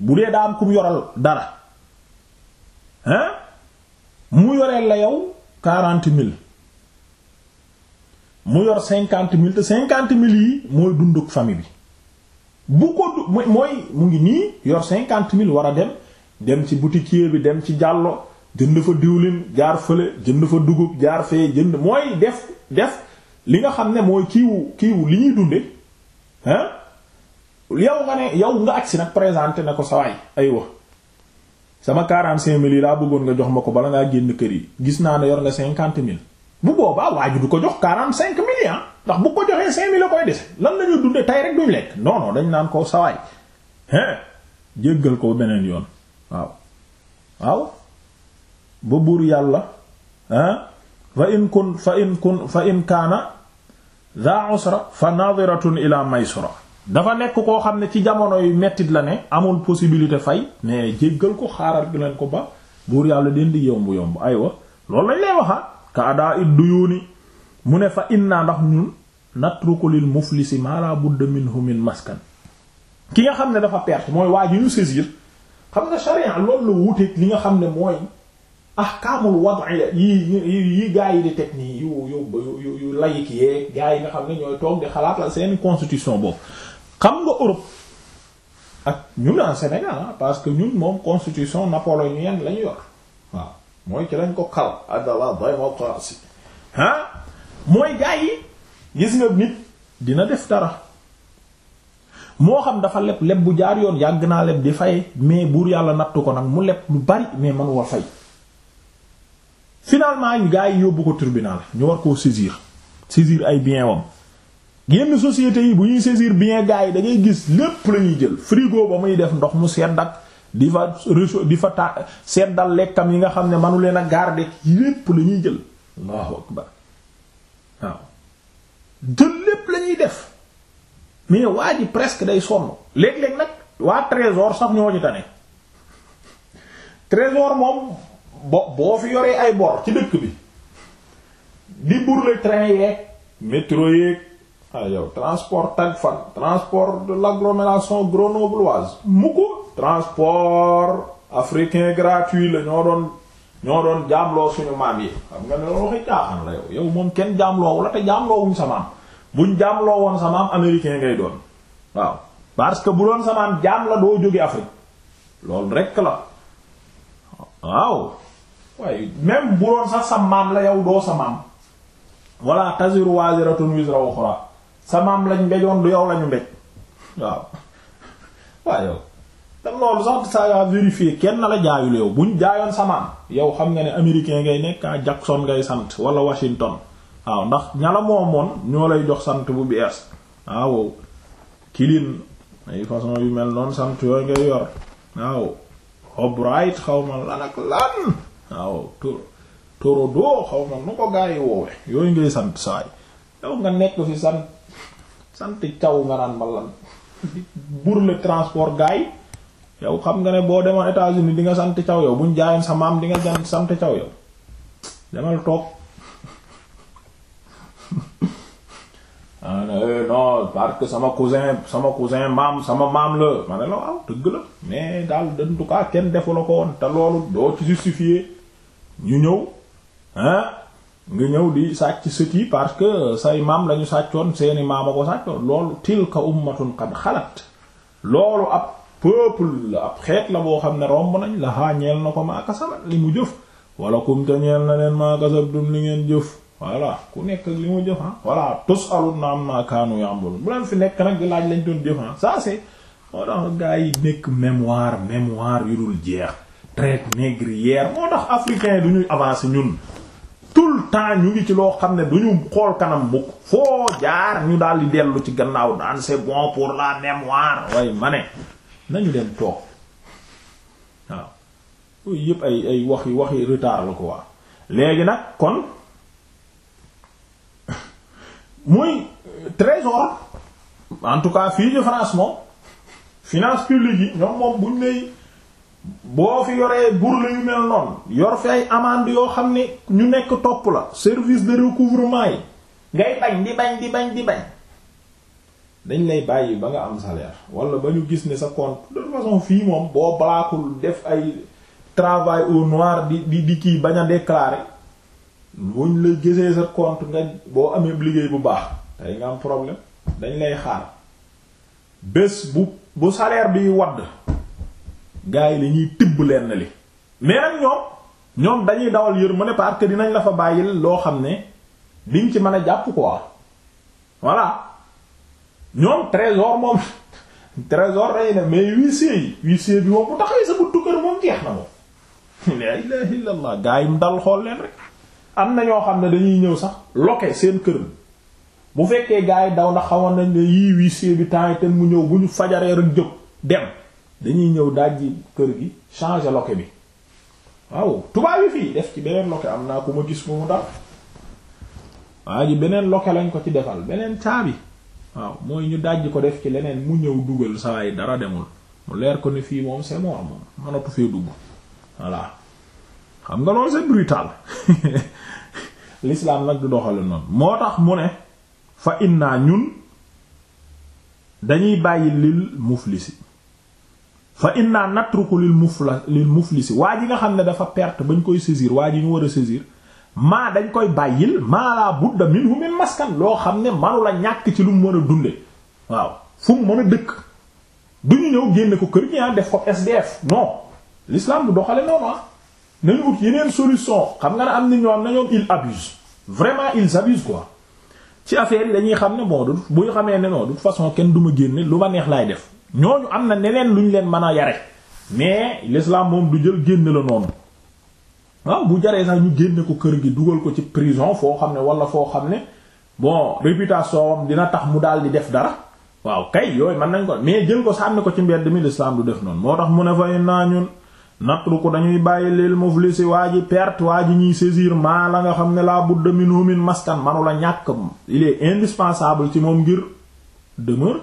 bu dee daa am ku mu yoral dara hein mu yoreel la yow quarante mille mu yor cinquante mille te cinquante mille yi mooy dunduk famille bi bu ko mooy mu ngi nii yor cinquante mille war a dem dem ci boutiquier bi dem ci jàllo jënd fa diwlin jaar fële jënd fa dugub jaar fee jënd mooy def def li nga xam ne mooy kiiwu kiiwu li ñuy dunde hein yow nga ne yow nga agsi nag présenté na ko sawaay aywa sama 45 mille yi laa bëggoon nga jox ma ko bala ngaa génn kër yi gis naa ne yor nga 50 mille bu boobaa waaju du ko jox 45 mille ah ndax bu ko joxee 5 mille la koy dese lan la ñuy dundee tey rek duñ lekk non dañ naan koo sawaay hein jéggal ko beneen yoon waaw waaw ba buur yàlla ah fa in kun fa in kun fa in kaana za usra fa nadiratun ila maysura dafa nekk koo xam ne ci jamono yu mettit la ne amul possibilité fay mais jéggal ko xaaral gi leen ko ba buur yàlla den di yomb yomb aywa loolu lañ lay waxa ah. ka adaa it duyuuni mu ne fa inna ndax ñun natruku lil muflisi ma la budda minhu min maskan ki nga xam ne dafa perte mooy waa ji ñu saisir xam nga sharia loolu la wuteeg li nga xam ne mooy ahkaamul wad'iyya yi yi gaa yi di teg nii yu yu yu layik yeeg gaa yi nga xam ne ñooy toog di xalaat la seen constitution boobu xam nga Europe ak ñun en Sénégal parce que ñun moom constitution napoléonienne lañu wax waaw mooy ci lañ ko xal adala démocratie ah mooy gaay yi gis nga nit dina def dara moo xam dafa leb leb bu jaar yoon yàgg naa leb di fay mais buur yàlla nattu ko nag mu leb lu bari mais man war fay finalement yu gaay yi yóbbu ko tribunal ñu war koo saisir saisir ay bien wam yenn société yi bu ñuy saisir bien gars yi dangay gis lépp la jël frigo ba muy def ndox mu sedd ak di fa réchaud di fa ta seddal lekkam yi nga xam ne manu leen a garder lépp la ñuy jël allahu waaw jël lépp lañuy def mais waa ji presque day sonn léeg-léeg nag waa trésor sax ñoo ci tane trésor moom bo boo fi yoree ay bor ci dëkk bi di bourle train yeeg métro ah yow transport tag fan transport de l'agglomération grenobloise mu ko transport africain gratuit la ñoo doon ñoo doon jaamloo suñu maam yi xam nga ne loolu waxi caaxaan la yow yow moom kenn jaamloowu la te jaamloowuñ sa maam buñ jaamloo woon sa maam américain ngay doon waaw parce que bu doon sa maam jaam la doo jóge Afrique loolu rekk la waaw waaye même bu doon sax sa maam la yow doo sa maam walla taziru waziratun wizra ukhra sa maam lañ mbejoon du yow lañu mbej waaw waaw loolu sax ça vérifier kenn la jaayul yow buñ jaayoon sa maam yow xam nga ne américain ngay nekk ah Jackson ngay sant wala Washington waaw ndax ñala moomoon ñoo lay jox sant bu bees waaw kilin ay façon yu mel noonu sant yooyu ngay yor waaw Albright xaw ma lan ak waaw to Torodo xaw ma nu ko gaa woowe yooyu ngay sant saay yow nga nekk fi sant sant caw nga naan ma la lan burle transport gaay yow xam nga ne boo demoon États-Unis di nga sant caw yow buñ jaayoon sa maam di nga sant caw yow demal toog ah eh, non parce sama cousin sama cousin maam sama maam la ma ne la waaw dëgg la mais daal en kenn defu la ko woon te loolu doo ci justifier ñu ñëw ah nga ñëw di sàcc sët yi parce que say maam lañu sàccoon seeni maam a ko sàccoon loolu tilka ummatun qad xalat loolu ab peuple la ab xeet la boo xam ne romb nañ la haa ñeel na ko maakasabat li mu jëf wala kumte ñeel na leen maakasabtum li ngeen jëf voilà ku nekk li mu jëf ah voilà tos alun na am naa kaanu yambul bu leen fi nekk nag laaj lañ doon jëf ah ça c'est moo tax gars yi nekk mémoire mémoire yu dul jeex traite négrière moo tax africain du ñuy avancer ñun tout le temps ñu ngi ci loo xam ne duñu xool kanam bukk foo jaar ñu daal di dellu ci gannaaw daan c'est bon pour la mémoire waaye ma ne nañu dem toog waaw yooyu yëpp ay ay waxi waxi retard la ko waa léegi nag kon muy trésor en tout cas fii de France moom finance publique yi ñoom moom buñ ne boo fi yoree burle yu mel noon yor fi ay amende yoo xam ne ñu nekk topp la service de recouvrement yi ngay bañ di bañ di bañ di bañ dañ lay bàyyi ba nga am salaire walla ba ñu gis ne sa compte de toute façon fii moom boo balaakul def ay travail au noir di di di kii bañ a déclarer buñ la gisee sa compte nga boo amee liggéey bu baax tey nga am problème dañ lay xaar bés bu bu salaire bi wadd gars yi dañuy tibb lenn li mais nag ñoom ñoom dañuy dawal yër mu ne parce que dinañ la fa bàyyil loo xam ne diñ ci mën a jàpp quoi voilà ñoom trésor moom trésor day ne mais huissier yi huissier bi moom bu taxawee sa buntu kër moom jeex na moom la ilaha illallah gars yi mu dal xool leen rek am na ñoo xam ne dañuy ñëw sax loke seen kër bu fekkee gars yi daw na xawoon nañ ne yii huissier bi temps yi ten mu ñëw bu ñu fajaree rek jóg dem dañuy ñëw dajji kër gi change loke bi waaw tubaab yi fii def ci beneen loke am naa ku ma gis mu dal waa ji beneen loke lañ ko ci defal beneen caabi waaw mooy ñu dajji ko def ci leneen mu ñëw dugal saa yi dara demul mu leer ko ne fii moom c'est mort moom mënatu fee dugg voilà xam nga loolu c'est brutal l'islam nag du doxale noonu moo tax mu ne fa inna ñun dañuy bàyyi lil muflisi fa inna natruku lil mufla lil muflisi waa ji nga xam ne dafa perte bañ koy saisir waa ji ñu war a saisir maa dañ koy bàyyil maa laa budda minhu min maskan loo xam ne manu la ñàkk ci lu mu mën a dunde waaw fu mu mën a dëkk du ñu ñëw génne ko kër gi ah, def ko SDF non l'islam du doxale noonu ah nañu ut yeneen solution xam nga ne am na ñoo am na ñoom ils abusent vraiment ils abusent quoi ci affaire yi dañuy xam ne bon du bu xamee ne non façon kenn du ma génne lu ma laay def ñooñu am na neneen lu ñu leen mën a yare mais l'islam moom du jël génn la noonu waaw bu jaree sax ñu génne ko kër gi dugal ko ci prison foo xam ne wala foo xam ne bon réputation dina tax mu daal di def dara waaw kay yooyu man nañ ko mais jël ko sa am sànni ko ci mbedd mi l'islam du def noonu moo tax mu ne fay naa ñun natru ko dañuy bàyyi lil si waa ji perte waa ji ñuy saisir maa la nga xam ne la budda minhu min maskan manu la ñàkk il est indispensable ci moom ngir demeure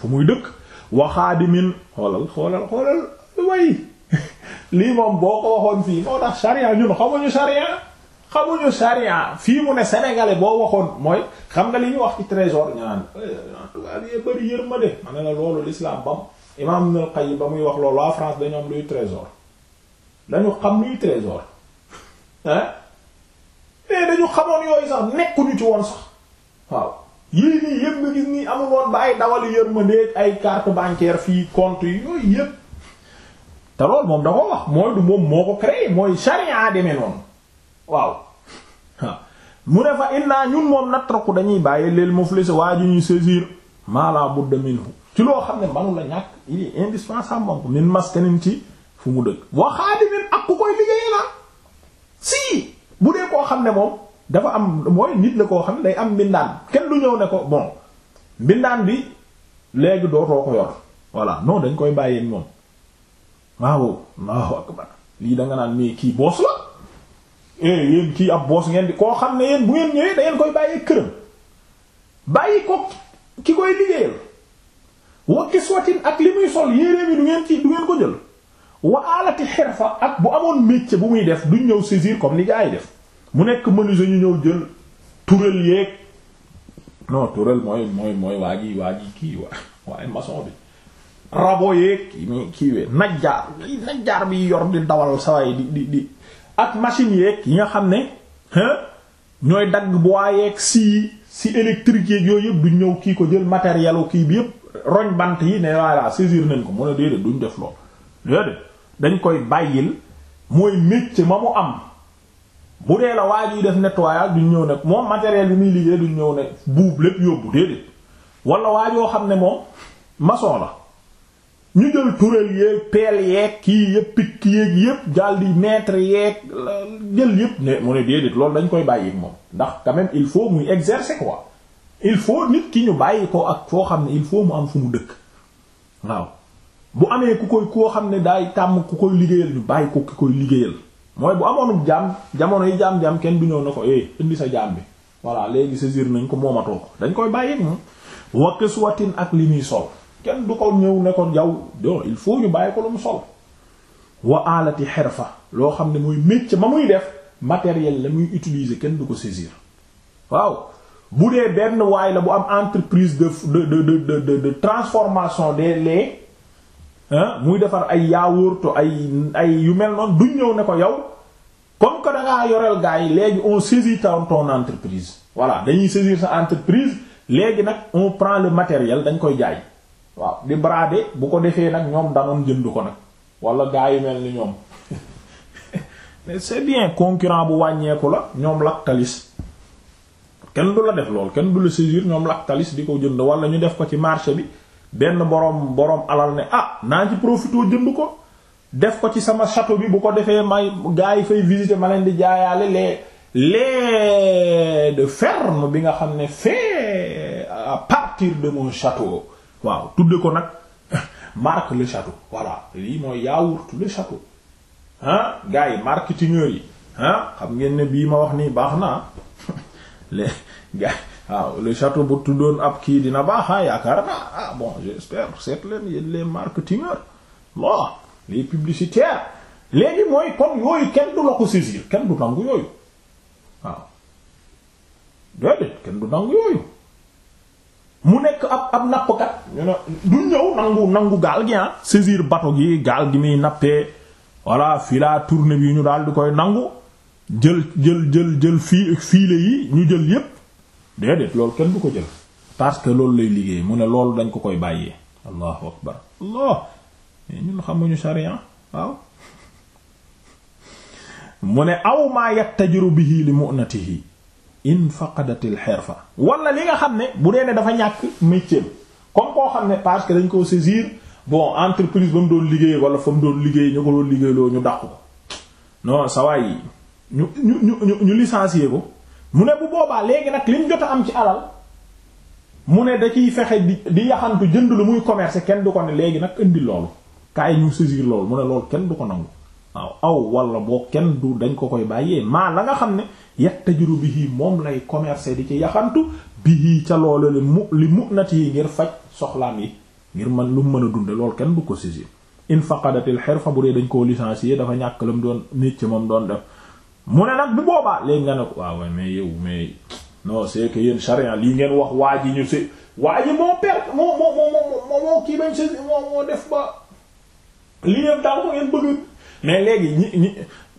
fu dëkk wa xaadimin xoolal xoolal xoolal way lii moom boo ko waxoon fii moo tax sharia ñun xamuñu sharia xamuñu sharia fii mu ne sénégalais boo waxoon mooy xam nga li ñuy wax ci trésor ñaan en tout cas li bari yërmande ma ne la loolu l'islam bam imam Ibn al-Qayyim ba muy wax loolu waa France dañu am luy trésor dañu xam luy trésor hein mais eh, dañu xamoon yooyu sax nekkuñu ci woon sax waaw yii nii yëpp nga gis nii amul ba ay dawal yërmandeeg ay carte bancaire fii compte yi yooyu yëpp te loolu moom da ko wax mooy du moom moo ko créé mooy charia demee noonu waaw ah. mu ne fa inna moom natraku dañuy bàyyi leel muflis waa ji ñuy saisir ma la ci loo xam ne manu la ñàkk il est indispensable moom min maskanin ci fu mu dëkk wa xaadimin ak ku koy liggéey la si bu dee koo xam ne moom dafa am mooy nit la koo xam ne day am mbindaan kenn du ñëw ne ko bon mbindaan bi léegi dootoo ko yor voilà non dañ koy bàyyee moom waaw Allahu akbar lii da nga naan mais kii boos la eh, yéen kii ab boos ngeen di koo xam ne yéen bu ngeen ñëwee da koy bàyyee këram bàyyi ko ki koy liggéeyal wa kiswatin ak li muy sol yéeréem yi du ngeen ci du ngeen ko jël wa alati xirfa ak bu amoon métier bu muy def duñ ñëw saisir comme li gaa yi def mu nekk menuisier ñu ñëw jël turel yeeg non turel mooy mooy mooy waa ji waa ji kii waa waaye maçon bi rabo yeeg kiiwee najjaar najjaar bi yor di dawal saway di di ak machine yeeg yi nga xam ne ñooy dagg bois yeeg si si électrique yeeg yooyu yëpp duñ ñëw kii ko jël matériel kii bi yëpp roñ bant yi ne voilà saisir nañ ko mu ne déedéet duñ def lool déedéet dañ koy bàyyil mooy métier ma mu am bu dee la waa yu def nettoyage duñ ñëw ne moom matériel bi muy liggéey duñ ñëw ne buub lépp yóbbu déedéet wala waa xam ne moom mason la ñu jël turel yeeg peel yeeg kii yëpp picc yëpp daal di mètre yeeg jël yëpp ne mu ne déedéet loolu dañ koy bàyyi moom ndax quand il faut muy exercer quoi il faut nit ki ñu bàyyi ko ak foo xam ne il faut mu am fu mu dëkk waaw bu amee ku koy koo xam ne daay tàmm ku koy liggéeyal ñu bàyyi ko ki koy liggéeyal mooy bu amoon jaam jamono yi jaam jaam kenn du ñëw na ko eh indi sa jaam bi voilà léegi saisir nañ ko moomatoo ko dañ koy bàyyi moom wa kiswatin ak li muy sol kenn du ko ñëw ne ko jaw do il faut ñu bàyyi ko lu mu sol wa alati fa loo xam ne mooy métier ba muy def matériel la muy utiliser kenn du ko saisir waaw bu dee benn waay la bu am entreprise de de de de de transformation des laits muy defar ay yaawurtu ay ay yu mel noonu duñ ñëw ne ko yow comme que da ngaa yoreel gars yi léegi on saisit ton ton entreprise voilà dañuy saisir sa entreprise léegi nag on prend le matériel dañ koy jaay waaw di brader bu ko defee nag ñoom danoon jënd ko nag wala gars yu mel ni ñoom mais c'est bien concurrent bu wàññeeku la ñoom Lactalis kenn du la def lool kenn du la saisir ñoom talis di ko jënd wala ñu def ko ci marché bi. benn boroom boroom alal ne ah naa ci profité jënd ko def ko ci sama château bi bu ko defee may gaa yi fay visiter ma leen di jaayaale les les de ferme bi nga xam ne fait partir de mon château waaw tudde ko nag marque le château voilà lii mooy yaourt le château ah gars yi marketingeurs yi ah xam ngeen ne bii ma wax nii baax naa les waaw le château bu tuddoon ab kii dina baax ah yaakaar naa ah bon j'espère seet leen yéen bon les publicitaires léegi mooy kon yooyu kenn du la ko saisir kenn du nangu yooyu waaw déedéet kenn du nangu yooyu mu nekk ab ab nappkat du ñëw nangu nangu gaal gi ah saisir bato gi gaal gi muy nappee voilà fii laa tournée bi ñu daal di koy nangu jël jël jël jël fii fiile yi ñu jël yépp déedéet loolu kenn bu ko jël parce que loolu lay liggéey mu ne loolu dañ ko koy bàyyee allahu akbar allah ñun xamuñu sharia waaw mu ne aw maa yattajiru bihi li mu'natihi in faqadatil xirfa wala li nga xam ne bu dee ne dafa ñàkk métier comme koo xam ne parce que dañ ko saisir bon entreprise ba mu doon liggéey wala fa mu doon liggéey ñu ko doon liggéey loo ñu dàq ko non sawaay yi ñu ñu ñu ñu licencier ko mu ne bu boobaa léegi nag lim jot am ci alal mu ne da ciy fexe di di yaxantu jënd lu muy commerce kenn du ko ne léegi nag indi loolu kaay ñu saisir loolu mu ne loolu kenn du ko nangu waaw aw wala boo kenn du dañ ko koy bàyyee maa la nga xam ne yattajiru bihi moom lay commercer di ci yaxantu bihi ca loolu li mu li mu'nati yi ngir faj soxlaam yi ngir man lu mu mën a dunde loolu kenn du ko saisir in faqadatil hirfa bu dee dañ koo licencier dafa ñàkk lam doon nit ci moom doon def mu ne nag bu boobaa léegi nga ne ko waaw mais yow mais non c'est que yéen charia lii ngeen wax waa ji ñu si waa ji moo perte moo moo moo moo kii bañ si moo moo def ba li ngeen daal ko ngeen bëgg mais léegi ñi ñi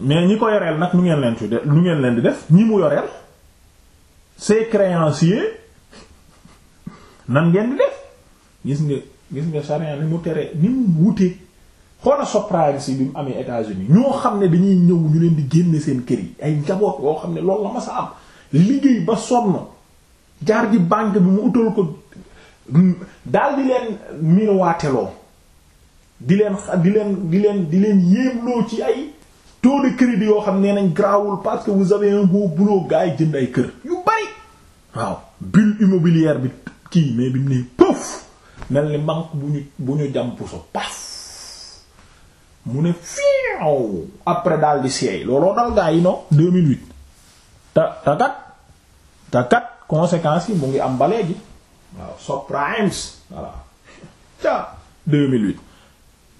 mais ñi ko yoreel nag nu ngeen leen di def nu ngeen leen di def ñi mu yoreel ces créanciers nan ngeen di def gis nga gis nga charia ni mu tere ni mu wuteeg. xoola soprano si bi mu amee États-Unis ñoo xam ne dañuy ñëw ñu leen di génne seen kër yi ay njaboot yoo xam ne lool la ma sa liggéey ba sonn jaar ji banque bi mu utal ko daal di leen mirowaateloo di leen di leen di leen di leen yéemloo ci ay taux de crédit yoo xam ne nañ grawul parce que vous avez un beau boulot gars yi jënd ay kër yu bari waaw bulle immobilière bi kii mais bi mu ne pëf mel ni banque bu ñu bu ñu jam puso paf mu ne fiiw après daal di seey looloo dal gaa yi non 2008 te te kat te kat conséquences yi mu ngi am ba léegi waaw subprimes voilà ca 2008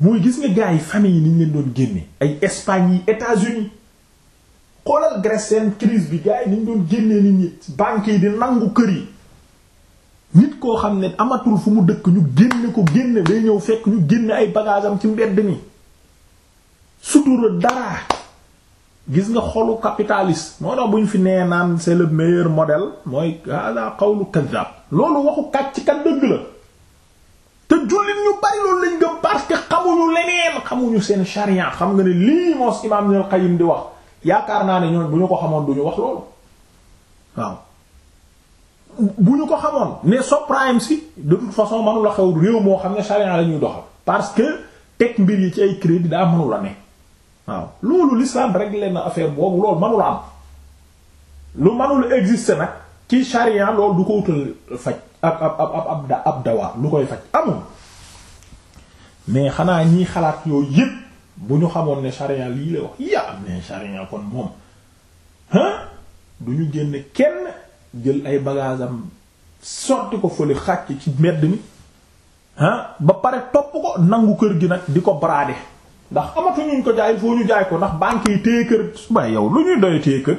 muy gis nga gaa yi famille yi ni ñu doon génne ay Espagne yi États-Unis xoolal Grèce seen crise bi gaa yi ni ñu doon génnee nit ñi banques yi di nangu kër yi nit koo xam ne amatul fu mu dëkk ñu génne ko génne day ñëw fekk ñu génne ay bagages am ci mbedd mi sutura dara gis nga xolu capitaliste moo tax bu ñu fi nee naan c'est le meilleur model mooy ala qawlu kaddaab loolu waxu kàcc kat dëgg la te jullit ñu bari loolu lañ gëm parce que xamuñu leneen xamuñu seen charia xam nga ne lii moos imaam Ibnul Qayyim di wax yaakaar naa ne ñoom bu ñu ko xamoon duñu wax loolu waaw bu ñu ko xamoon ne subprime si de toute façon mënula xew réew moo xam ne charia lañuy ñuy parce que teg mbir yi ci ay crédit daa mënula ne waaw loolu l'islam rek na affaire boobu loolu manula am lu manul exister nag ci charia loolu du ko wutal faj ab ab ab ab ab dawaa lu koy faj amul mais xanaa ñiy xalaat yooyu yëpp bu ñu xamoon ne charia lii la wax ya am ne charia kon moom ah du ñu génn kenn jël ay bagages am sotti ko fële xàcc ci medd mi ah ba pare topp ko nangu kër gi nag di ko brader. ndax amatuñuñ ko jaay foo ñu jaay ko ndax banque yi téye kër su waaye yow lu ñuy doy téye kër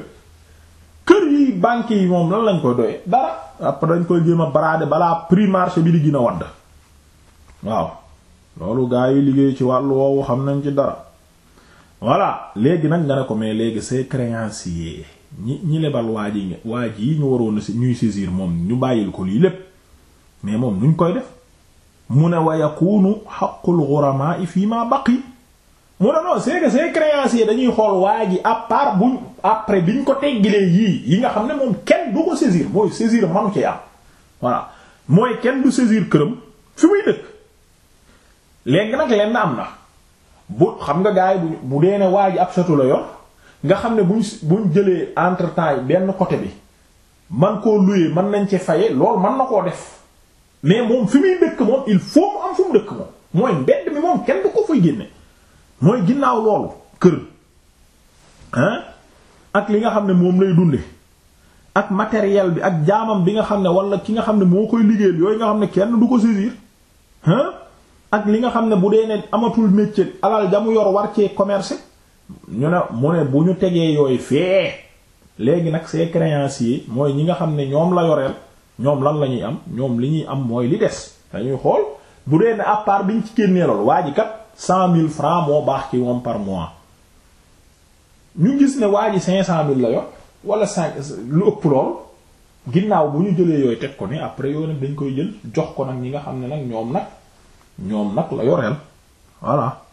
kër yi banque yi moom lan lañ koy doye dara après dañ koy jéem a baraade balaa prix marché bi di gën a wadd waaw loolu gaa yi liggéey ci wàll woowu xam nañ ci dara voilà léegi nag nga ne ko mais léegi ces créanciers ñi ñi lebal waaj yi waaj yi ñu waroon si ñuy saisir moom ñu bàyyil ko lii lépp mais moom nuñ koy def mu ne wa yakunu haqqul ghurama fi ma baqi mu ne non c'est que ces dañuy xool waa ji à part bu après biñ ko teggilee yii yi nga xam ne moom kenn du ko saisir mooy saisir manu ci am voilà mooy kenn du saisir këram fi muy dëkk léegi nag lenn am na bu xam nga gars yi bu bu dee ne waa ji ab château la nga xam ne buñ buñ jëlee entre yi benn côté bi man koo louer mën nañ ci faye loolu mën na koo def mais moom fi muy dëkk moom il foo mu am fu mu dëkk moom mooy mbedd mi moom kenn du ko fay mooy ginnaaw loolu kër hein ak li nga xam ne moom lay dunde ak matériel bi ak jaamam bi nga xam ne wala ki nga xam ne moo koy liggéeyal yooyu nga xam ne kenn du ko saisir hein ak li nga xam ne bu dee ne amatul métier alal jamu yor war cee commerce ñu ne mu ne bu ñu tegee yooyu fee léegi nag ses créanciers mooy ñi nga xam ne ñoom la yoreel ñoom lan la ñuy am ñoom li ñuy am mooy li des dañuy xool bu dee ne à part biñ ci génnee lool waa ji kat cent mille francs moo baax ki moom par mois ñu gis ne waa ji cinq cent mille la yor wala cinq lu ëpp lool ginnaaw bu ñu jëlee yooy teg ko ni après yooyu nag dañ koy jël jox ko nag ñi nga xam ne nag ñoom nag ñoom nag la yoreel voilà